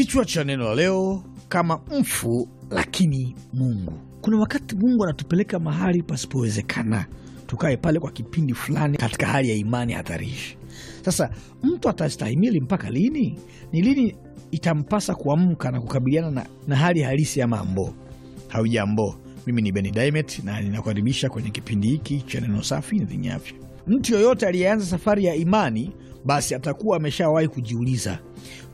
Kichwa cha neno la leo, kama mfu lakini Mungu. Kuna wakati Mungu anatupeleka mahali pasipowezekana tukae pale kwa kipindi fulani katika hali ya imani hatarishi. Sasa mtu atastahimili mpaka lini? Ni lini itampasa kuamka na kukabiliana na, na hali halisi ya mambo? Haujambo, mimi ni Beni Daimet na ninakukaribisha kwenye kipindi hiki cha neno safi na lenye afya. Mtu yoyote aliyeanza safari ya imani basi atakuwa ameshawahi kujiuliza,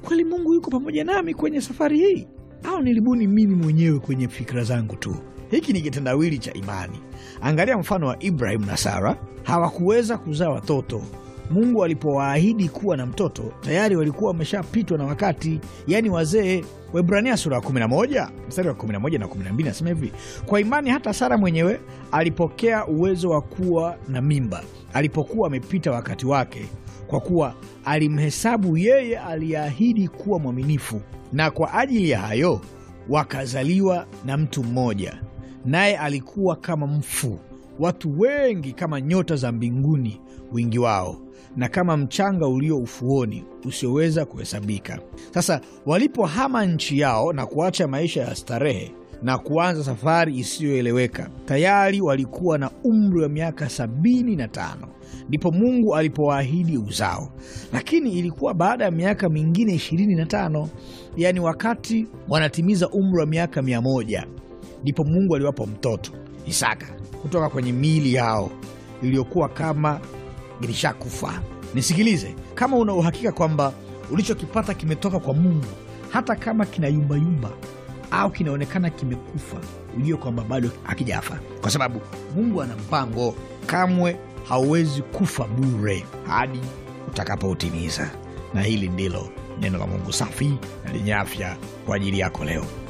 kweli Mungu yuko pamoja nami kwenye safari hii au nilibuni mimi mwenyewe kwenye fikira zangu tu? Hiki ni kitendawili cha imani. Angalia mfano wa Ibrahimu na Sara, hawakuweza kuzaa watoto. Mungu alipowaahidi kuwa na mtoto, tayari walikuwa wameshapitwa na wakati, yaani wazee. Waebrania sura ya 11 mstari wa 11 na 12 nasema hivi: kwa imani hata Sara mwenyewe alipokea uwezo wa kuwa na mimba alipokuwa amepita wakati wake, kwa kuwa alimhesabu yeye aliyeahidi kuwa mwaminifu, na kwa ajili ya hayo wakazaliwa na mtu mmoja, naye alikuwa kama mfu watu wengi kama nyota za mbinguni wingi wao, na kama mchanga ulio ufuoni usioweza kuhesabika. Sasa walipohama nchi yao na kuacha maisha ya starehe na kuanza safari isiyoeleweka, tayari walikuwa na umri wa miaka sabini na tano ndipo Mungu alipowaahidi uzao, lakini ilikuwa baada ya miaka mingine ishirini na tano yaani wakati wanatimiza umri wa miaka mia moja ndipo Mungu aliwapa mtoto Isaka kutoka kwenye miili yao iliyokuwa kama ilishakufa. Nisikilize, kama una uhakika kwamba ulichokipata kimetoka kwa Mungu, hata kama kina yumbayumba au kinaonekana kimekufa, ujue kwamba bado hakijafa, kwa sababu Mungu ana mpango, kamwe hauwezi kufa bure hadi utakapoutimiza. Na hili ndilo neno la Mungu safi na lenye afya kwa ajili yako leo.